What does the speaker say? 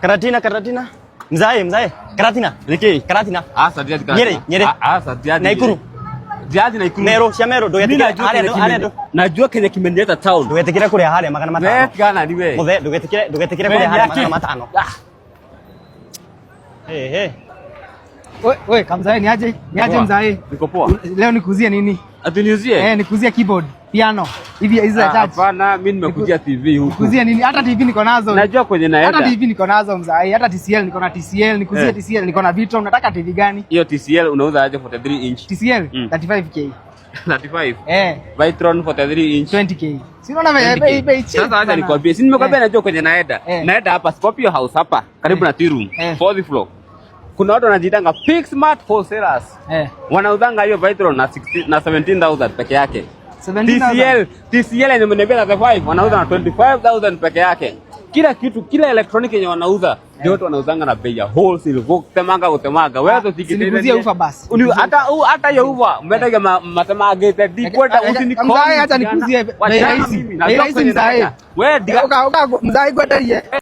Karatina, Karatina. Mzae, mzae. Karatina. Leke, Karatina. Ah, sadia Karatina. Nyere, Nyere. Ah, ah sadia. Naikuru. Diadi Naikuru. Nero, Shamero, do yatikira hale do hale do. Najua Kenya kimenileta town. Do yatikira kule hale magana matano. Wewe eh, gana ni wewe. Mzee, do yatikira do yatikira kule hale magana matano. Ah. Hey, eh. Wewe, wewe kamzae ni aje? Ni aje mzae? Niko poa. Leo nikuuzie nini? Atuniuzie? Eh, nikuuzie keyboard piano hivi hizo ya ah, tatu. Hapana, mimi nimekuja TV huku. Kuzia nini? Hata TV niko nazo. Najua kwenye naenda. Hata TV niko nazo mzai, hata TCL niko na TCL, nikuzie eh. TCL niko na Vitron. Unataka TV gani? Hiyo TCL unauza aje 43 inch? TCL 35k. 35. Eh. Vitron 43 inch 20k. Si unaona bei bei chini. Sasa acha nikwambie, si nimekwambia eh. najua kwenye naenda. Eh. Naenda hapa Scorpio House hapa, karibu na tea room, fourth floor. Kuna watu wanajitanga Pick Smart Wholesalers. Eh. Wanauzanga hiyo Vitron na 16 na 17000 peke yake. TCL TCL imeniambia 5 wanauza na 25000 peke yake. Kila kitu kila electronic yenye wanauza yote eh. wanauzanga na bei ya wholesale, gutemaga gutemaga wewe tu Sikuzia ufa basi. Uli Hata hata ya ufa mmetega matemaga tedi kwenda usinikoe, hata nikuzie bei rahisi bei rahisi mzae wewe diga uka uka mzae kwenda yeye